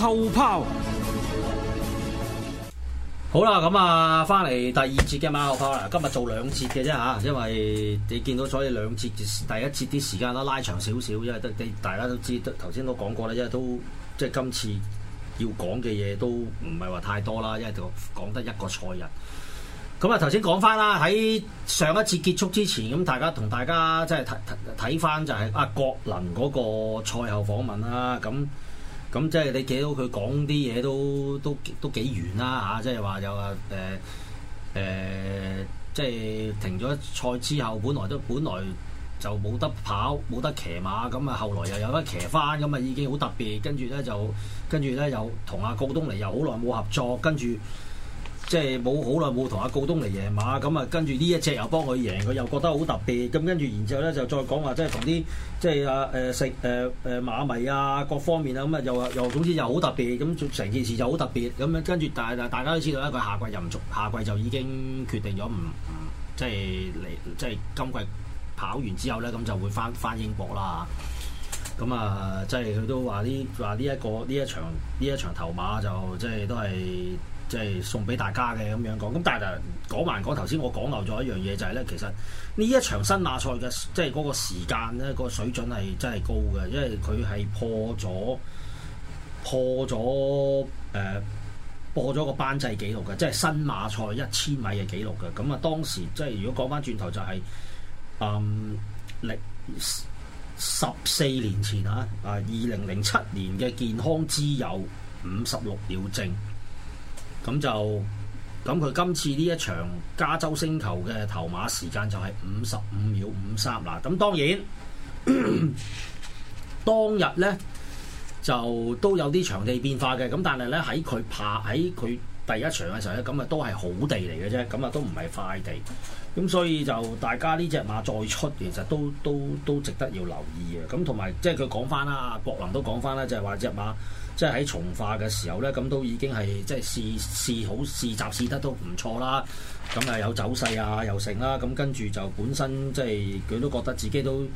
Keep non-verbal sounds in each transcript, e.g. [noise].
後拋，好啦，咁啊，翻嚟第二節嘅馬後炮啦。今日做兩節嘅啫吓，因為你見到所以兩節，第一節啲時間啦拉長少少，因為都你大家都知，頭先都講過啦，因為都即係今次要講嘅嘢都唔係話太多啦，因為就講得一個賽日。咁啊，頭先講翻啦，喺上一節結束之前，咁大家同大家即係睇睇翻就係阿郭林嗰個賽後訪問啦，咁、啊。咁、嗯、即係你睇到佢講啲嘢都都幾都幾遠啦、啊、嚇、啊！即係話又話誒誒，即係停咗賽之後，本來都本來就冇得跑，冇得騎馬，咁、嗯、啊後來又有得騎返，咁、嗯、啊已經好特別。跟住咧就跟住咧又同阿告東尼，又好耐冇合作，跟住。即係冇好耐冇同阿告東嚟贏馬，咁啊跟住呢一隻又幫佢贏，佢又覺得好特別。咁跟住，然之後咧就再講話，即係同啲即係阿誒食誒誒、呃、馬迷啊，各方面啊，咁啊又又總之又好特別。咁成件事就好特別。咁啊跟住，但係大家都知道咧，佢下季又唔續，下季就已經決定咗唔唔即係嚟即係今季跑完之後咧，咁就會返返英國啦。咁啊，即係佢都話呢話呢一個呢一場呢一場頭馬就即係都係。即係送俾大家嘅咁樣講，咁但係就講埋講頭先，我講漏咗一樣嘢就係、是、呢。其實呢一場新馬賽嘅即係嗰個時間咧，個水準係真係高嘅，因為佢係破咗破咗誒破咗個班制記錄嘅，即係新馬賽一千米嘅記錄嘅。咁、就是嗯、啊，當時即係如果講返轉頭就係嗯，歷十四年前啊啊，二零零七年嘅健康之友五十六秒正。咁就咁，佢今次呢一場加州星球嘅頭馬時間就係五十五秒五三啦。咁當然， [coughs] 當日呢，就都有啲場地變化嘅。咁但係呢，喺佢拍，喺佢第一場嘅時候呢，咁啊都係好地嚟嘅啫。咁啊都唔係快地。咁、嗯、所以就大家呢隻馬再出，其實都都都值得要留意嘅。咁同埋即係佢講返啦，博林都講返啦，就係話隻馬即係喺從化嘅時候呢，咁都已經係即係試試好試雜試得都唔錯啦。咁啊有走勢啊又成啦，咁跟住就本身即係佢都覺得自己都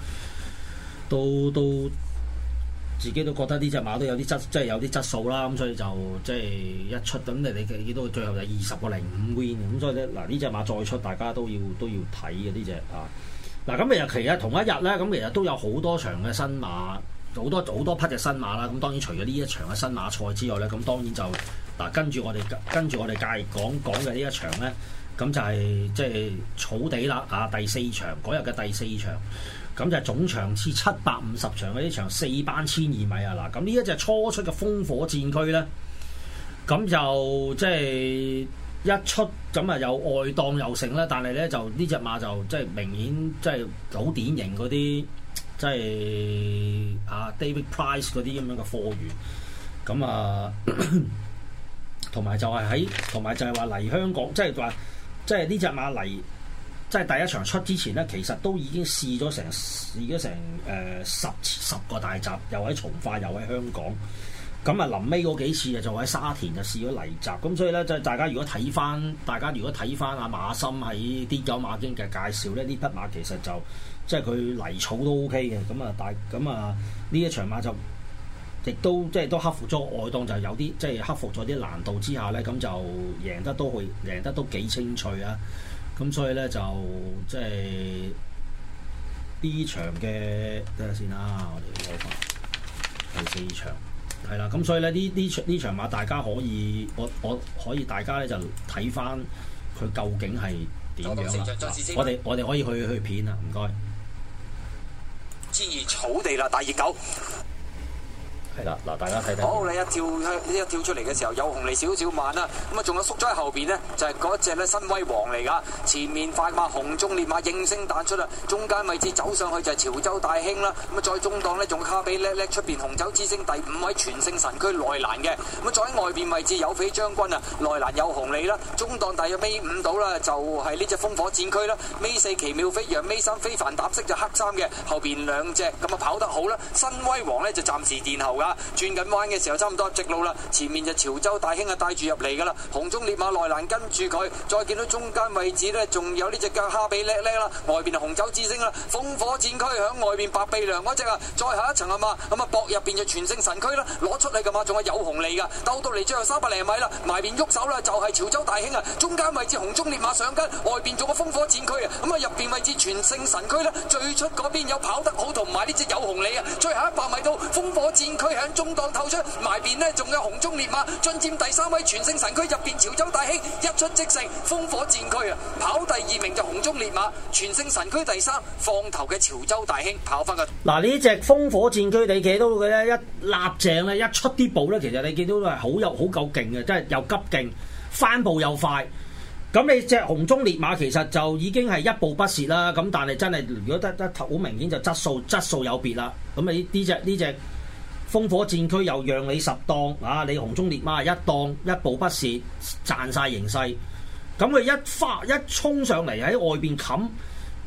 都都。都自己都覺得呢隻馬都有啲質，即係有啲質素啦，咁所以就即係、就是、一出，咁你你見到最後就二十個零五 win，咁所以咧，嗱呢隻馬再出，大家都要都要睇嘅呢隻啊。嗱，咁其實其實同一日咧，咁其實都有好多場嘅新馬，好多好多匹嘅新馬啦。咁當然除咗呢一場嘅新馬賽之外咧，咁當然就嗱、啊、跟住我哋跟住我哋介講講嘅呢一場咧，咁就係即係草地啦啊第四場嗰日嘅第四場。咁就總場次七百五十場嗰啲場四班千二米啊！嗱，咁呢一隻初出嘅烽火戰區咧，咁就即係、就是、一出咁啊，又外檔又成啦。但係咧就呢隻馬就即係、就是、明顯即係好典型嗰啲即係啊 David Price 嗰啲咁樣嘅貨源。咁啊，同埋 [coughs] 就係喺同埋就係話嚟香港，即係話即係呢隻馬嚟。即係第一場出之前咧，其實都已經試咗成試咗成誒、呃、十十個大閘，又喺從化，又喺香港。咁、嗯、啊，臨尾嗰幾次啊，就喺沙田就試咗泥閘。咁、嗯、所以咧，即係大家如果睇翻，大家如果睇翻阿馬森喺《啲狗馬經》嘅介紹咧，呢匹馬其實就即係佢泥草都 OK 嘅。咁、嗯、啊，大咁啊，呢、嗯、一場馬就亦都即係都克服咗外檔，就有啲即係克服咗啲難度之下咧，咁、嗯、就贏得都會贏得都幾清脆啊！咁所以咧就即係呢場嘅，等下先啦。我哋收翻第四場，係啦。咁所以咧呢呢呢場馬大家可以我我可以大家咧就睇翻佢究竟係點樣試試，啊，我哋我哋可以去去片啊，唔該。千二草地啦，大熱狗。係啦，嗱，大家睇睇。好，你一跳呢個跳出嚟嘅時候有紅利少少慢啦，咁啊，仲有縮咗喺後邊呢，就係嗰隻咧新威王嚟噶。前面快馬紅中烈馬應聲彈出啦，中間位置走上去就係潮州大興啦。咁啊，再中檔呢，仲卡俾叻叻，出邊紅酒之星第五位全勝神駒內蘭嘅咁啊，再喺外邊位置有飛將軍啊，內蘭有紅利啦，中檔大約尾五到啦，就係呢隻烽火戰駒啦。尾四奇妙飛揚，尾三非凡搭色就是、黑三嘅，後邊兩隻咁啊跑得好啦，新威王呢，就暫時殿後啊！轉緊彎嘅時候差唔多直路啦，前面就潮州大興啊帶住入嚟噶啦，紅中烈馬內欄跟住佢，再見到中間位置呢，仲有呢隻腳下臂叻叻啦，外邊啊紅酒之星啦，烽火戰區響外邊白鼻梁嗰隻啊，再下一層啊嘛，咁啊博入邊就全勝神區啦，攞出嚟噶嘛，仲係有紅利噶，兜到嚟最後三百零米啦，埋邊喐手啦，就係潮州大興啊，中間位置紅中烈馬上跟，外邊仲個烽火戰區啊，咁、嗯、啊入邊位置全勝神區啦，最出嗰邊有跑得好同埋呢隻有紅利啊，最後一百米到烽火戰區。響中檔透出，埋邊呢仲有紅中烈馬進佔第三位，全勝神駒入邊潮州大興一出即勝烽火戰駒啊！跑第二名就紅中烈馬，全勝神駒第三，放頭嘅潮州大興跑翻嘅。嗱，呢隻烽火戰駒你見到佢咧一立正咧一出啲步咧，其實你見到係好有好夠勁嘅，即係又急勁，翻步又快。咁你隻紅中烈馬其實就已經係一步不蝕啦。咁但係真係如果得得好明顯就質素質素有別啦。咁你呢隻呢隻。烽火戰區又讓你十檔啊！你紅中烈馬一檔，一步不蝕賺晒形勢。咁佢一發一衝上嚟喺外邊冚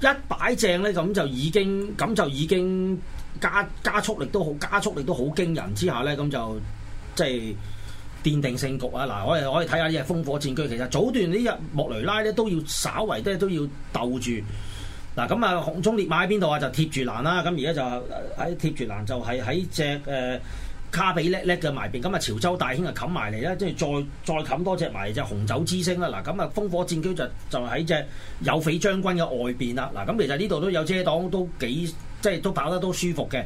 一擺正咧，咁就已經咁就已經加加速力都好加速力都好驚人之下咧，咁就即係、就是、奠定勝局啊！嗱，我哋可以睇下呢日烽火戰區，其實早段呢日莫雷拉咧都要稍為都都要鬥住。嗱咁啊，紅、嗯、中烈馬喺邊度啊？就貼住欄啦。咁而家就喺貼住欄，就係喺隻誒卡比叻叻嘅埋邊。咁啊，潮州大兄啊，冚埋嚟啦，即係再再冚多隻埋隻紅酒之星啦。嗱、嗯，咁、嗯、啊，烽火戰機就就喺隻有匪將軍嘅外邊啦。嗱、嗯，咁、嗯、其實呢度都有遮擋，都幾即係都跑得都舒服嘅。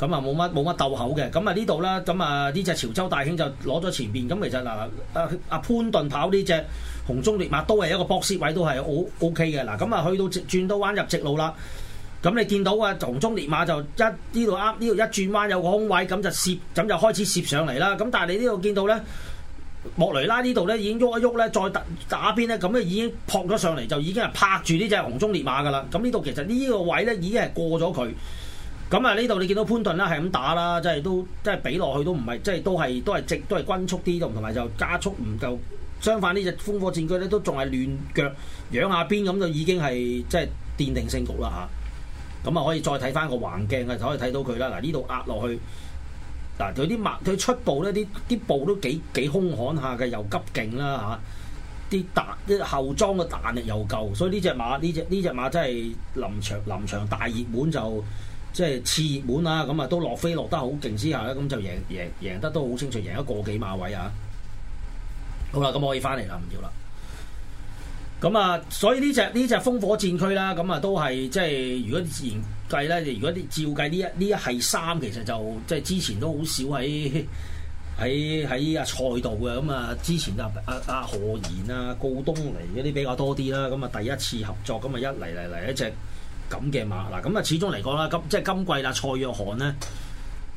咁啊，冇乜冇乜鬥口嘅，咁啊呢度啦，咁啊呢隻潮州大興就攞咗前邊，咁其實嗱，阿、啊、阿、啊、潘頓跑呢隻紅中烈馬都係一個博蝕位，都係好 O K 嘅，嗱，咁啊去到轉到彎入直路啦，咁你見到啊紅中烈馬就一呢度啱呢度一轉彎有個空位，咁就攝，咁就開始攝上嚟啦，咁但係你呢度見到咧，莫雷拉呢度咧已經喐一喐咧，再打打邊咧，咁啊已經撲咗上嚟，就已經係拍住呢隻紅中烈馬㗎啦，咁呢度其實呢個位咧已經係過咗佢。咁啊，呢度你見到潘頓啦，係咁打啦，即係都即係畀落去都唔係，即係都係都係直都係均速啲咁，同埋就加速唔夠。相反呢隻烽火戰車咧，都仲係亂腳，仰下邊咁就已經係即係奠定勝局啦吓，咁啊就可，可以再睇翻個橫鏡，啊，就可以睇到佢啦。嗱，呢度壓落去嗱，佢啲馬佢出步呢啲啲步都幾幾兇悍下嘅，又急勁啦吓，啲彈即後裝嘅彈力又夠，所以呢隻馬呢隻呢隻馬真係臨場臨場大熱門就。即係次熱門啦，咁啊都落飛落得好勁之下咧，咁就贏贏贏得都好清楚，贏一個幾碼位啊！好啦，咁可以翻嚟啦，唔要啦。咁啊，所以呢隻呢隻風火戰區啦，咁啊都係即係如果自然計咧，如果照計呢一呢一係三，其實就即係之前都好少喺喺喺阿賽道嘅，咁啊之前啊啊何然啊告東嚟嗰啲比較多啲啦，咁啊第一次合作，咁啊一嚟嚟嚟一隻。咁嘅馬嗱，咁啊始終嚟講啦，今即係今季啦，蔡約翰咧，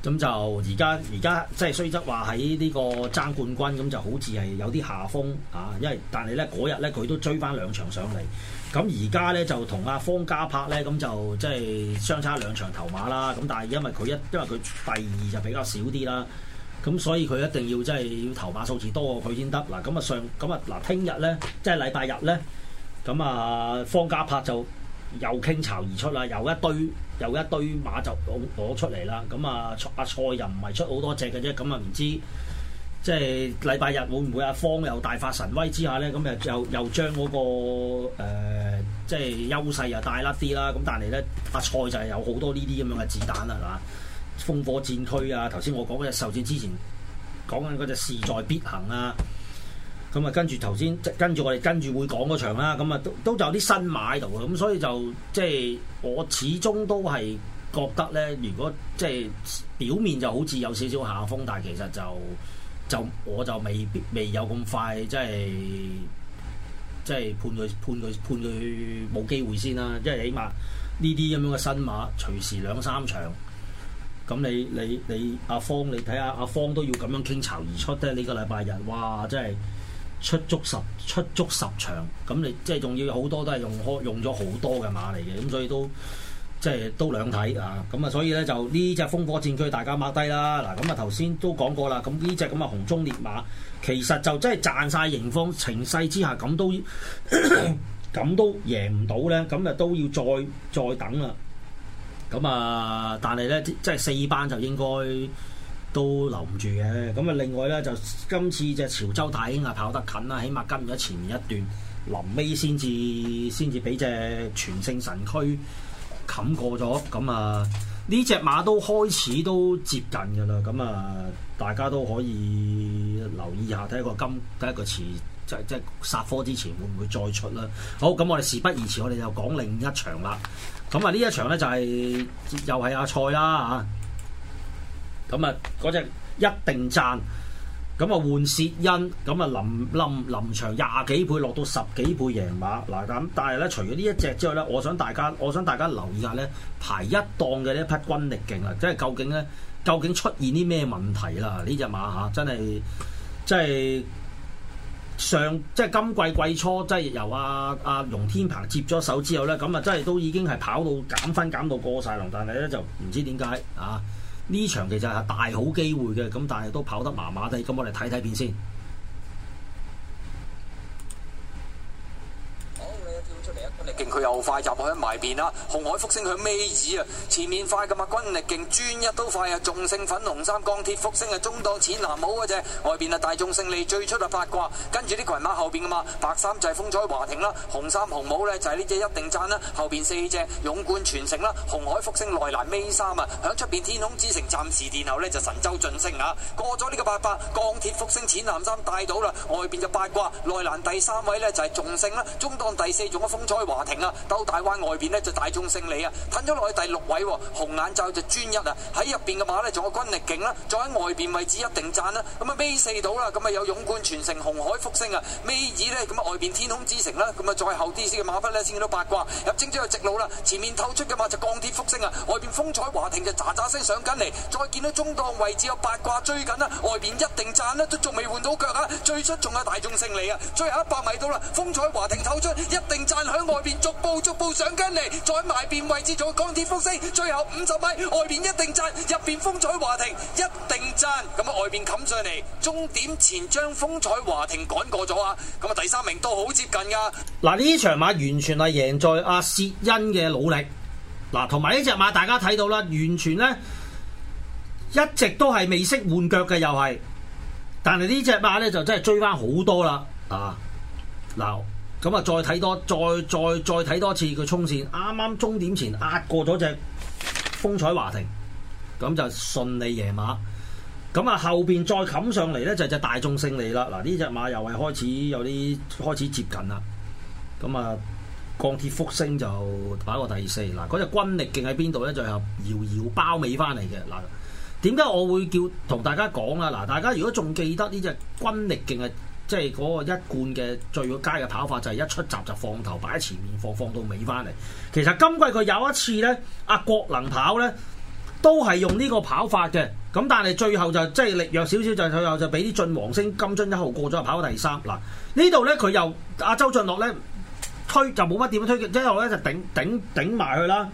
咁就而家而家即係雖則話喺呢個爭冠軍，咁就好似係有啲下風啊，因為但係咧，嗰日咧，佢都追翻兩場上嚟，咁而家咧就同阿方嘉柏咧，咁就即係相差兩場頭馬啦，咁但係因為佢一因為佢第二就比較少啲啦，咁所以佢一定要即係、就是、要頭馬數字多過佢先得嗱，咁啊上咁啊嗱，聽日咧即係禮拜日咧，咁啊方嘉柏就。又傾巢而出啦，又一堆又一堆馬就攞攞出嚟啦，咁啊阿蔡、啊、蔡又唔係出好多隻嘅啫，咁啊唔知即係禮拜日會唔會阿方又大發神威之下咧，咁又又又將嗰、那個、呃、即係優勢又大甩啲啦，咁但係咧阿蔡就係有好多呢啲咁樣嘅子彈啦，係嘛，烽火戰區啊，頭先我講嗰隻受戰之前講緊嗰隻勢在必行啊。咁啊，跟住頭先，即跟住我哋跟住會講嗰場啦。咁啊，都都就有啲新馬喺度，咁所以就即係、就是、我始終都係覺得咧，如果即係、就是、表面就好似有少少下風，但係其實就就我就未必未有咁快，即係即係判佢判佢判佢冇機會先啦。即係起碼呢啲咁樣嘅新馬隨時兩三場，咁你你你阿方，你睇下阿方都要咁樣傾巢而出咧。呢、這個禮拜日，哇，真係～出足十出足十場，咁你即係仲要有好多都係用開用咗好多嘅馬嚟嘅，咁所以都即係都兩睇啊！咁啊，所以咧就呢隻烽火戰區大家掹低啦。嗱，咁啊頭先都講過啦，咁呢隻咁嘅紅中烈馬其實就真係賺晒。盈豐情勢之下，咁都咁都贏唔到咧，咁啊都要再再等啦。咁啊，但係咧即即係四班就應該。都留唔住嘅，咁啊另外咧就今次隻潮州大兄啊跑得近啦，起碼跟咗前面一段，臨尾先至先至俾隻全盛神區冚過咗，咁啊呢隻馬都開始都接近㗎啦，咁啊大家都可以留意下睇個今第一個詞，即即殺科之前會唔會再出啦？好，咁我哋事不宜遲，我哋又講另一場啦。咁啊呢一場咧就係又係阿蔡啦嚇。咁啊，嗰隻一定讚，咁啊換薛恩，咁啊臨臨臨場廿幾倍落到十幾倍贏馬嗱咁，但係咧除咗呢一隻之外咧，我想大家我想大家留意下咧排一檔嘅呢一匹軍力勁啦，即係究竟咧究竟出現啲咩問題啦？呢隻馬吓真係即係上即係今季季初即係由阿、啊、阿、啊、容天鵬接咗手之後咧，咁啊真係都已經係跑到減分減到過晒籠，但係咧就唔知點解啊？呢場其實係大好機會嘅，咁但係都跑得麻麻地，咁我哋睇睇片先。快入去埋邊啦！紅海福星響尾子啊，前面快噶嘛，軍力勁專一都快啊！仲勝粉紅衫鋼鐵福星啊，中檔淺藍帽嘅啫，外邊啊大眾勝利最出啊八卦，跟住啲群馬後邊噶嘛，白衫就係風采華庭啦，紅衫紅帽呢，就係呢隻一定讚啦，後邊四隻勇冠全城啦，紅海福星內欄尾衫啊，響出邊天空之城暫時殿後呢，就神州晉升啊，過咗呢個八卦，鋼鐵福星淺藍衫帶到啦，外邊就八卦內欄第三位呢，就係眾勝啦，中檔第四種嘅風采華庭啊！兜大彎外邊呢，就大眾勝利啊，褪咗落去第六位，哦，紅眼罩就專一啊，喺入邊嘅馬呢，仲有軍力勁啦、啊，再喺外邊位置一定贊啦、啊，咁啊尾四到啦，咁啊有勇冠全城紅海復星啊，尾二呢，咁啊外邊天空之城啦、啊，咁啊再後啲先嘅馬匹呢，先見到八卦，入正正係直路啊，前面透出嘅馬就鋼鐵復星啊，外邊風采華庭就喳喳聲上緊嚟，再見到中檔位置有八卦追緊啦、啊，外邊一定贊啦、啊，都仲未換到腳啊，最出仲係大眾勝利啊，最後一百米到啦，風采華庭透出一定贊響外邊捉波。步逐步上跟嚟，再埋邊位置做鋼鐵風聲，最後五十米外邊一定賺，入邊風采華庭一定賺。咁啊，外邊冚上嚟，終點前將風采華庭趕過咗啊！咁啊，第三名都好接近噶。嗱，呢場馬完全係贏在阿、啊、薛恩嘅努力。嗱，同埋呢隻馬大家睇到啦，完全呢一直都係未識換腳嘅又係，但係呢隻馬呢就真係追翻好多啦啊！嗱。咁啊，再睇多，再再再睇多次佢衝線，啱啱終點前壓過咗隻風采華庭，咁就順利贏馬。咁啊，後邊再冚上嚟咧，就係隻大眾勝利啦。嗱，呢隻馬又係開始有啲開始接近啦。咁啊，鋼鐵復星就打過第四。嗱，嗰隻軍力勁喺邊度咧？最後遙遙包尾翻嚟嘅。嗱，點解我會叫同大家講啊？嗱，大家如果仲記得呢隻軍力勁係？即係嗰個一貫嘅最佳嘅跑法，就係、是、一出閘就放頭擺喺前面，放放到尾翻嚟。其實今季佢有一次咧，阿國能跑咧都係用呢個跑法嘅。咁但係最後就即係力弱少少，最後就又就俾啲進王星金樽一號過咗，跑咗第三。嗱呢度咧佢又阿周俊樂咧推就冇乜點推嘅，一路咧就頂頂頂埋佢啦。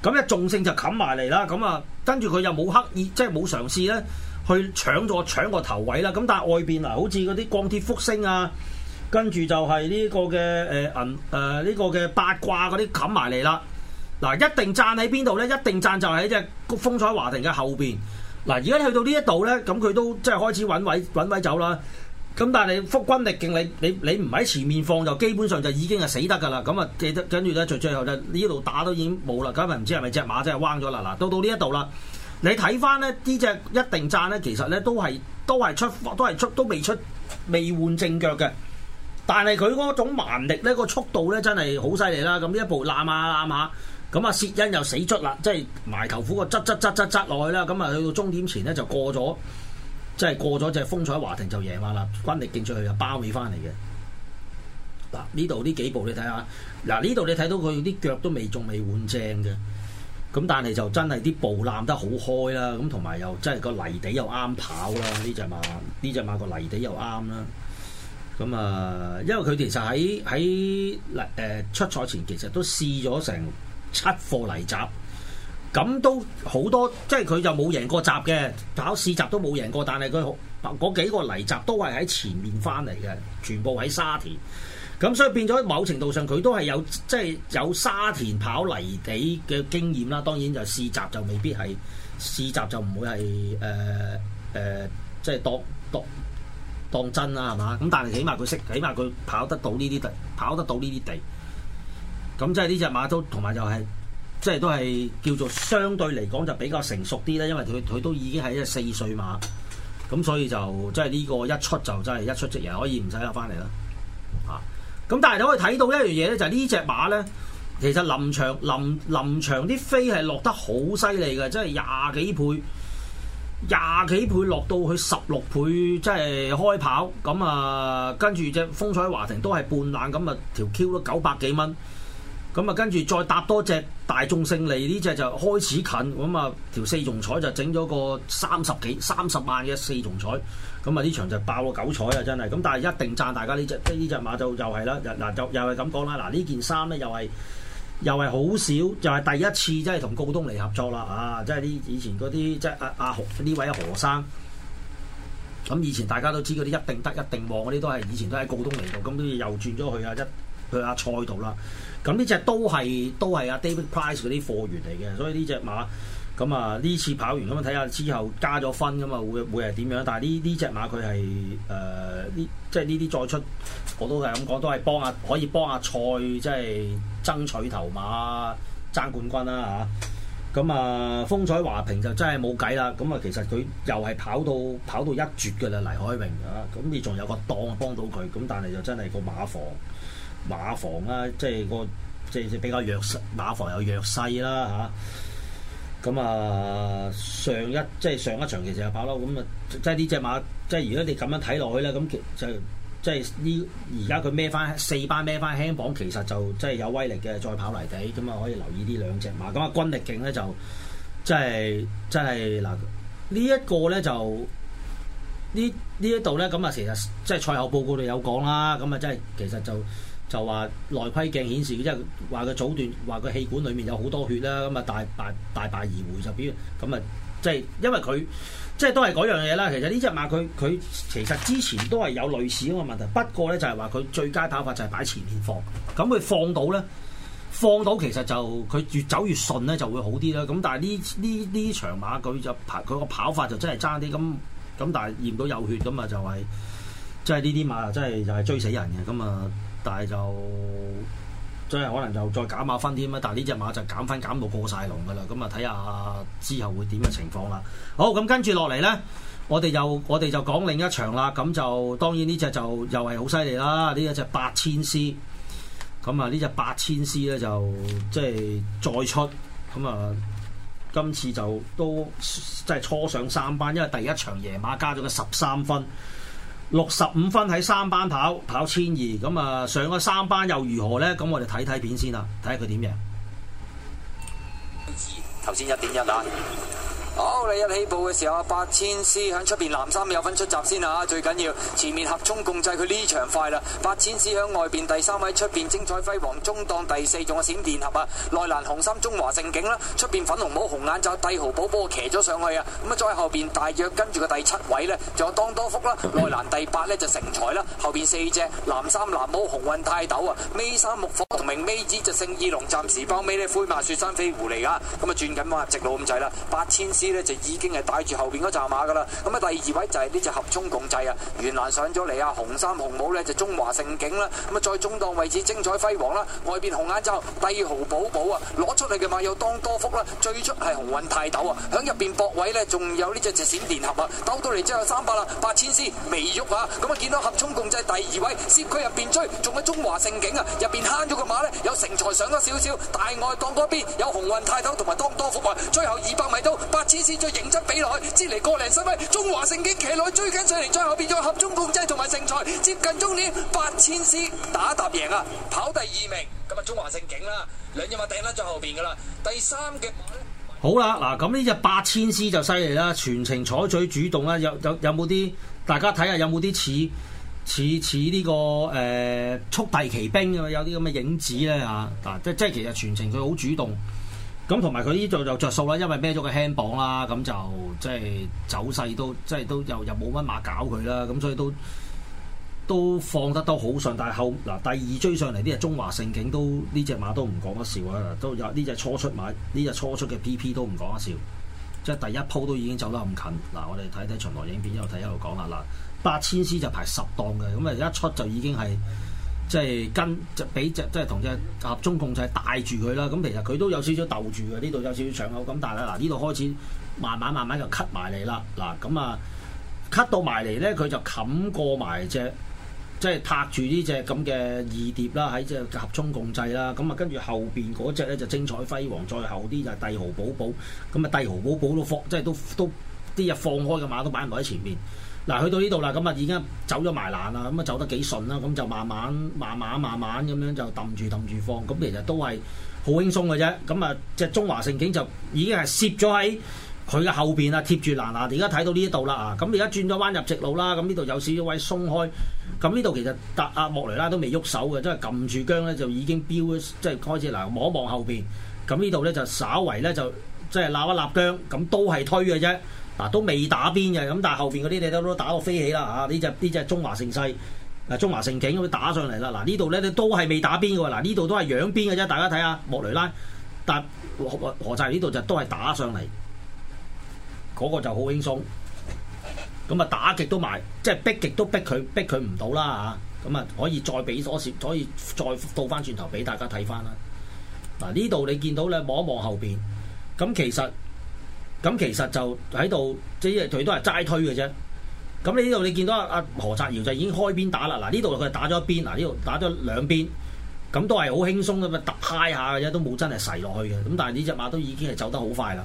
咁一重性就冚埋嚟啦。咁啊跟住佢又冇刻意，即係冇嘗試咧。去搶咗搶個頭位啦，咁但係外邊嗱，好似嗰啲鋼鐵福星啊，跟住就係呢個嘅誒銀誒呢個嘅八卦嗰啲冚埋嚟啦。嗱，一定站喺邊度咧？一定站就喺隻風彩華庭嘅後邊。嗱，而家去到呢一度咧，咁佢都即係開始揾位揾位走啦。咁但係你復軍力勁，你你你唔喺前面放就基本上就已經係死得㗎啦。咁啊，記得跟住咧，就最，最後就呢度打都已經冇啦。咁咪唔知係咪隻馬真係彎咗啦？嗱，到到呢一度啦。你睇翻咧，呢隻一,一定讚咧，其實咧都係都係出都係出都未出未換正腳嘅，但係佢嗰種蠻力咧，個速度咧真係好犀利啦！咁呢一步攬下攬下，下，咁啊薛恩又死捽啦，即係埋頭苦個執執執執執落去啦，咁啊去到終點前咧就過咗，即係過咗隻風采華庭就贏翻啦，軍力勁出去就包尾翻嚟嘅。嗱呢度呢幾步你睇下，嗱呢度你睇到佢啲腳都未仲未換正嘅。咁但係就真係啲步攬得好開啦，咁同埋又真係個泥地又啱跑啦。呢隻馬呢隻馬個泥地又啱啦。咁啊，因為佢其實喺喺誒出賽前其實都試咗成七個泥閘，咁都好多即係佢就冇贏過閘嘅，跑試閘都冇贏過。但係佢嗰幾個泥閘都係喺前面翻嚟嘅，全部喺沙田。咁所以變咗，某程度上佢都係有，即係有沙田跑泥地嘅經驗啦。當然就試閘就未必係，試閘就唔會係誒誒，即係當當當真啦，係嘛？咁但係起碼佢識，起碼佢跑得到呢啲地，跑得到呢啲地。咁即係呢隻馬都同埋就係，即係都係叫做相對嚟講就比較成熟啲啦，因為佢佢都已經係一隻四歲馬，咁所以就即係呢個一出就真係一出即係可以唔使收翻嚟啦。咁但係你可以睇到一樣嘢咧，就係呢隻馬咧，其實臨場臨臨場啲飛係落得好犀利嘅，即係廿幾倍，廿幾倍落到去十六倍，即係開跑。咁啊，跟住隻風彩華庭都係半冷，咁啊條 Q 都九百幾蚊。咁啊，跟住再搭多隻大眾勝利呢隻就開始近。咁啊，條四重彩就整咗個三十幾三十萬嘅四重彩。咁啊！呢場就爆個九彩啊，真係！咁但係一定讚大家呢隻，即呢隻馬就又係啦。嗱，就又係咁講啦。嗱、啊，呢件衫咧又係又係好少，就係、是、第一次即係同告東尼合作啦。啊，即係啲以前嗰啲即係阿阿何呢位何生。咁、啊、以前大家都知嗰啲一定得一定旺嗰啲都係以前都喺告東尼度，咁跟住又轉咗去啊一去阿賽度啦。咁呢隻都係都係阿 David Price 嗰啲貨源嚟嘅，所以呢隻馬。咁啊，呢次跑完咁啊，睇下之後加咗分咁啊，會會係點樣？但係呢呢隻馬佢係誒呢，即係呢啲再出，我都係咁講，都係幫阿可以幫阿賽即係爭取頭馬、爭冠軍啦嚇。咁啊，風彩華評就真係冇計啦。咁啊，其實佢又係跑到跑到一絕嘅啦，黎海榮啊。咁你仲有個檔幫到佢，咁但係就真係個馬房馬房啊，即係個即係比較弱勢，馬房有弱勢啦嚇。啊咁啊，上一即係上一場其實就跑囉，咁啊，即係呢隻馬，即係如果你咁樣睇落去咧，咁其實就，就即係呢而家佢孭翻四班孭翻輕磅，其實就即係有威力嘅，再跑泥地，咁啊可以留意呢兩隻馬。咁啊，軍力勁咧就，即係即係嗱，那個、呢一個咧就，呢呢一度咧，咁啊，其實即係賽後報告都有講啦，咁啊，即係其實就。就話內窺鏡顯示，即係話佢阻斷，話佢氣管裏面有好多血啦。咁啊大敗大，大敗而回就變咁啊，即係、就係、因為佢即係都係嗰樣嘢啦。其實呢隻馬佢佢其實之前都係有類似咁嘅問題，不過咧就係話佢最佳打法就係擺前面放，咁佢放到咧，放到其實就佢越走越順咧就會好啲啦。咁但係呢呢呢場馬佢就佢個跑法就真係爭啲咁咁，但係驗到有血咁啊就係即係呢啲馬真係就係追死人嘅咁啊！但係就即係可能就再減馬分添咁，但係呢隻馬就減分減到過晒龍噶啦，咁啊睇下之後會點嘅情況啦。好，咁跟住落嚟呢，我哋又我哋就講另一場啦。咁就當然呢隻就又係好犀利啦！呢一隻八千絲，咁啊呢隻八千絲呢，就即係再出，咁啊今次就都即係初上三班，因為第一場夜馬加咗個十三分。六十五分喺三班跑，跑千二，咁啊上咗三班又如何咧？咁我哋睇睇片先啦，睇下佢點樣。頭先一點一啊。好， [music] oh, 你一起步嘅時候，八千師喺出邊藍衫有份出閘先啊，最緊要前面合衷共濟佢呢場快啦，八千師喺外邊第三位出邊精彩輝煌中檔第四，仲有閃電俠啊，內欄紅衫中華盛景啦，出邊粉紅帽紅眼罩帝豪寶波騎咗上去啊，咁啊再後邊大約跟住個第七位呢，仲有當多福啦，內欄第八呢就成才啦，後邊四隻藍衫藍帽紅運泰斗啊，尾三木火同名尾子就聖二龍，暫時包尾呢灰馬雪山飛狐嚟啊。咁啊轉緊彎直路咁滯啦，八千師。呢就已經係帶住後邊嗰扎馬噶啦，咁啊第二位就係呢隻合沖共濟啊，袁蘭上咗嚟啊，紅衫紅帽呢，就中華盛景啦，咁啊再中檔位置精彩輝煌啦，外邊紅眼罩，帝豪寶寶啊，攞出嚟嘅馬有當多福啦，最出係紅運泰斗啊，響入邊搏位呢，仲有呢隻直閃電俠啊，兜到嚟之後三百啦，八千絲微郁啊，咁啊見到合沖共濟第二位，先佢入邊追，仲喺中華盛景啊，入邊慳咗個馬呢，有成才上咗少少，大外檔嗰邊有紅運泰斗同埋當多福啊，最後二百米到八千，次次在形質比耐，接嚟個零身位，中華聖景騎內追緊上嚟，最後變咗合中控制同埋勝賽，接近終點八千師打打贏啊，跑第二名，咁啊中華聖景啦，兩隻馬掟甩在後邊噶啦，第三嘅好啦，嗱咁呢隻八千師就犀利啦，全程採取主動啦，有有有冇啲大家睇下有冇啲似似似呢個誒、呃、速遞奇兵咁啊，有啲咁嘅影子咧吓，嗱即即係其實全程佢好主動。咁同埋佢呢度就着數啦，因為孭咗個輕磅啦，咁就即係走勢都即係都又又冇乜馬搞佢啦，咁所以都都放得都好順，但係後嗱第二追上嚟呢隻中華盛景都呢隻馬都唔講得笑啊，都有呢隻初出馬，呢隻初出嘅 PP 都唔講得笑，即係第一鋪都已經走得咁近，嗱我哋睇睇巡邏影片一路睇一路講啦嗱，八千絲就排十檔嘅，咁啊一出就已經係。即係跟就比就即係同隻合中共制帶住佢啦，咁其實佢都有少少鬥住嘅，呢度有少少搶口，咁但係嗱呢度開始慢慢慢慢就 cut 埋嚟啦，嗱咁啊，啊 cut 到埋嚟咧，佢就冚過埋隻即係拍住呢隻咁嘅二碟啦，喺即合中共制啦，咁啊跟住後邊嗰隻咧就精彩輝煌，再後啲就係帝豪寶寶，咁啊帝豪寶寶都放即係都都啲日放開嘅馬都擺唔到喺前面。嗱，去到呢度啦，咁啊已經走咗埋欄啦，咁啊走得幾順啦，咁就慢慢、慢慢、慢慢咁樣就揼住揼住放，咁其實都係好輕鬆嘅啫。咁啊，即係中華盛景就已經係攝咗喺佢嘅後邊啦，貼住欄啦。而家睇到呢度啦啊，咁而家轉咗彎入直路啦，咁呢度有少少位鬆開。咁呢度其實達阿莫雷拉都未喐手嘅，即係撳住姜咧就已經飆，即係開始嗱，望一望後邊。咁呢度咧就稍為咧就即係鬧一鬧姜，咁都係推嘅啫。嗱，都未打邊嘅，咁但係後邊嗰啲你都都打到飛起啦嚇！呢隻呢隻中華盛世、啊中華盛景都打上嚟啦。嗱、啊，呢度咧都都係未打邊嘅喎。嗱、啊，呢度都係仰邊嘅啫。大家睇下莫雷拉，但何何澤呢度就係、都係打上嚟，嗰、嗰個就好輕鬆。咁啊，打極都埋，即係逼極都逼佢逼佢唔到啦嚇。咁啊，就可以再俾多次，可以再倒翻轉頭俾大家睇翻啦。嗱、啊，呢度你見到咧，望一望後邊，咁其實。咁其實就喺度，即係佢都係齋推嘅啫。咁你呢度你見到阿阿何澤堯就已經開邊打啦。嗱，呢度佢係打咗一邊，嗱呢度打咗兩邊，咁都係好輕鬆咁樣，突 high 下嘅啫，都冇真係蝕落去嘅。咁但係呢隻馬都已經係走得好快啦，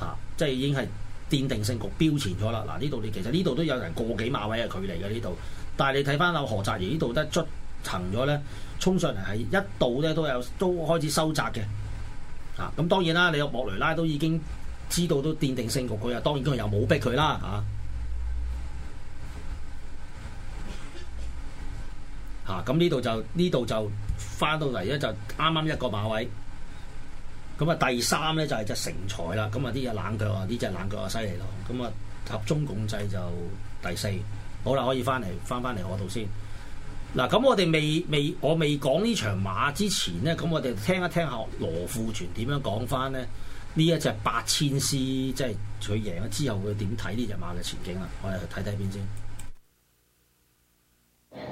嚇、啊，即係已經係奠定勝局、標前咗啦。嗱，呢度你其實呢度都有人過幾馬位嘅距離嘅呢度，但係你睇翻阿何澤堯呢度都係出層咗咧，衝上嚟係一度咧都有都開始收窄嘅。嚇、啊，咁當然啦，你有莫雷拉都已經。知道都奠定勝局，佢又當然佢又冇逼佢啦，嚇嚇咁呢度就呢度就翻到嚟咧，就啱啱一個馬位咁啊！第三咧就係隻成才啦，咁啊呢隻冷腳啊，呢隻冷腳啊，犀利咯！咁啊合中共制就第四，好啦，可以翻嚟翻翻嚟我度先嗱。咁我哋未未我未講呢場馬之前咧，咁我哋聽一聽下羅富全點樣講翻咧。呢一隻八千絲即係佢贏咗之後，佢會點睇呢隻馬嘅前景啦？我哋去睇睇邊先。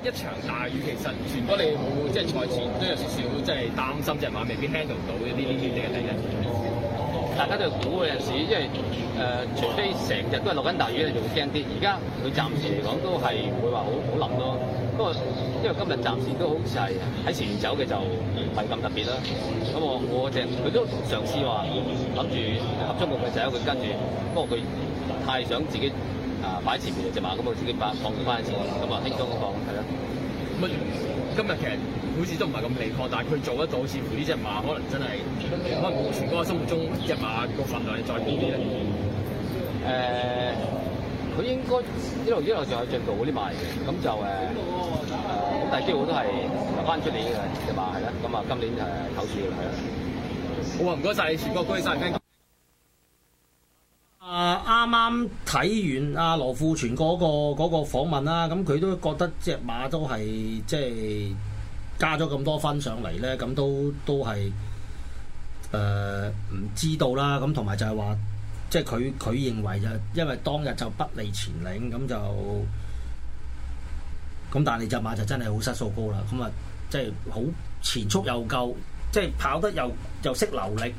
一場大雨其實，全部你冇即係賽前都有少少即係擔心，隻馬未必 handle 到一啲呢啲嘅第一。大家都估嗰陣時，因為誒、呃，除非成日都係落緊大雨你就會驚啲。而家佢暫時嚟講都係唔會話好好淋咯。不過因為今日暫時都好似係喺前面走嘅，就唔係咁特別啦。咁我我淨佢都嘗試話諗住合中局嘅時候，佢跟住，不過佢太想自己啊、呃、擺前面嘅隻馬，咁我自己，自己擺放遠翻先，咁啊輕鬆咁個，係咯。今日其實好似都唔係咁利空，但係佢做得到，似乎呢隻馬可能真係，可能冇全哥心目中隻馬個份量再高啲咧。誒、呃，佢應該一路一路在進步嗰啲馬嘅，咁就誒，咁但係基本都係翻出嚟嘅隻馬係啦。咁啊、嗯，今年誒九字嘅啦，好啊，唔該晒，謝謝你全哥居士。啊！啱啱睇完阿羅富全嗰個嗰個訪問啦，咁佢都覺得隻馬都係即係加咗咁多分上嚟咧，咁都都係誒唔知道啦。咁同埋就係話，即係佢佢認為就因為當日就不利前領，咁就咁但係隻馬就真係好質素，高啦。咁啊，即係好前速又夠，即係跑得又又識流力。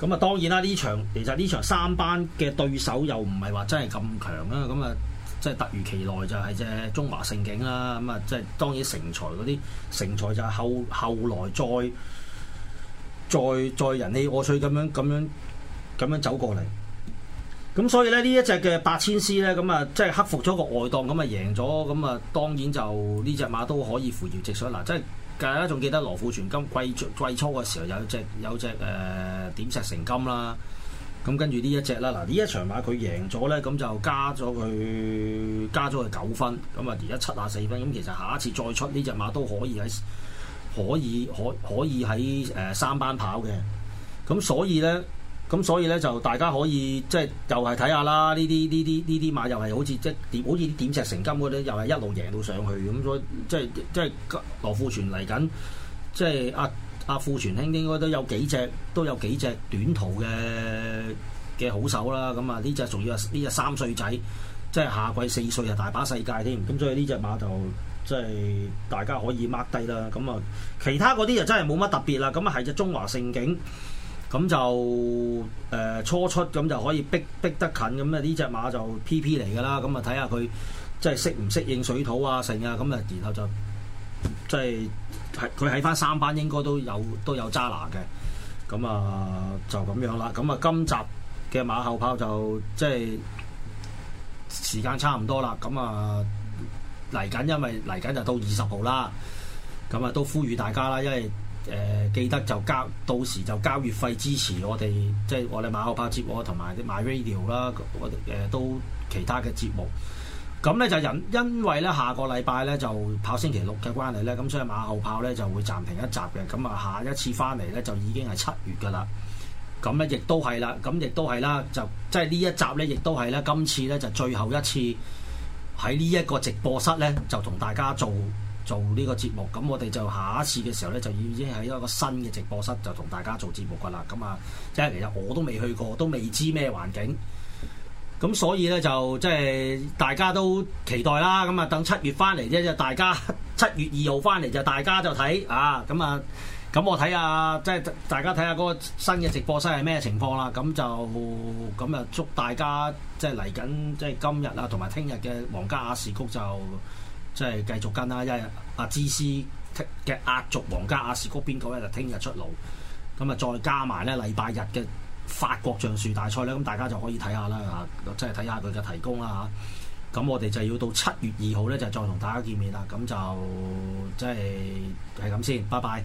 咁啊，當然啦！呢場其實呢場三班嘅對手又唔係話真係咁強啊！咁啊，即係突如其來就係隻中華勝景啦！咁啊，即係當然成才嗰啲成才就係後後來再再再人棄我取咁樣咁樣咁樣走過嚟。咁所以咧呢一隻嘅八千師咧咁啊，即係克服咗個外檔咁啊贏咗，咁啊當然就呢隻馬都可以扶搖直上嗱，即係。大家仲記得羅富全今季季初嘅時候有隻有隻誒、呃、點石成金啦，咁、啊、跟住呢一隻啦，嗱、啊、呢一場馬佢贏咗咧，咁就加咗佢加咗佢九分，咁啊而家七啊四分，咁、啊、其實下一次再出呢隻馬都可以喺可以可可以喺誒、呃、三班跑嘅，咁所以咧。咁所以咧就大家可以即係又係睇下啦，呢啲呢啲呢啲馬又係好似即係點好似點石成金嗰啲，又係一路贏到上去咁、嗯，所以即係即係羅富全嚟緊，即係阿阿富全兄應該都有幾隻都有幾隻短途嘅嘅好手啦。咁、嗯、啊呢隻仲要係呢隻三歲仔，即係下季四歲又大把世界添。咁、嗯、所以呢隻馬就即係大家可以 mark 低啦。咁、嗯、啊其他嗰啲就真係冇乜特別啦。咁啊係隻中華盛景。咁就誒、呃、初出咁就可以逼逼得近咁啊，呢隻馬就 PP 嚟㗎啦，咁啊睇下佢即係適唔適應水土啊、成啊。咁啊然後就即係係佢喺翻三班應該都有都有揸拿嘅，咁啊就咁樣啦。咁啊今集嘅馬後炮就即係時間差唔多啦，咁啊嚟緊，因為嚟緊就到二十號啦，咁啊都呼籲大家啦，因為。誒記得就交，到時就交月費支持我哋，即係我哋馬後炮節目同埋啲 MyRadio 啦，我誒都其他嘅節目。咁咧就因因為咧下個禮拜咧就跑星期六嘅關係咧，咁所以馬後炮咧就會暫停一集嘅。咁啊，下一次翻嚟咧就已經係七月㗎啦。咁咧亦都係啦，咁亦都係啦，就即係呢一集咧，亦都係咧。今次咧就最後一次喺呢一個直播室咧，就同大家做。做呢個節目，咁我哋就下一次嘅時候呢，就要已經喺一個新嘅直播室就同大家做節目㗎啦。咁啊，即係其實我都未去過，都未知咩環境。咁所以呢，就即係大家都期待啦。咁啊，等七月翻嚟啫，就大家七月二號翻嚟就大家就睇啊。咁啊，咁我睇下即係大家睇下嗰個新嘅直播室係咩情況啦。咁就咁啊，就祝大家即係嚟緊即係今日啊，同埋聽日嘅皇家亞視曲就～即係繼續跟啦，因為阿芝斯嘅壓軸皇家阿士谷邊個咧就聽日出爐，咁啊再加埋咧禮拜日嘅法國橡樹大賽咧，咁大家就可以睇下啦嚇，即係睇下佢嘅提供啦嚇。咁我哋就要到七月二號咧，就再同大家見面啦。咁就即係係咁先，拜拜。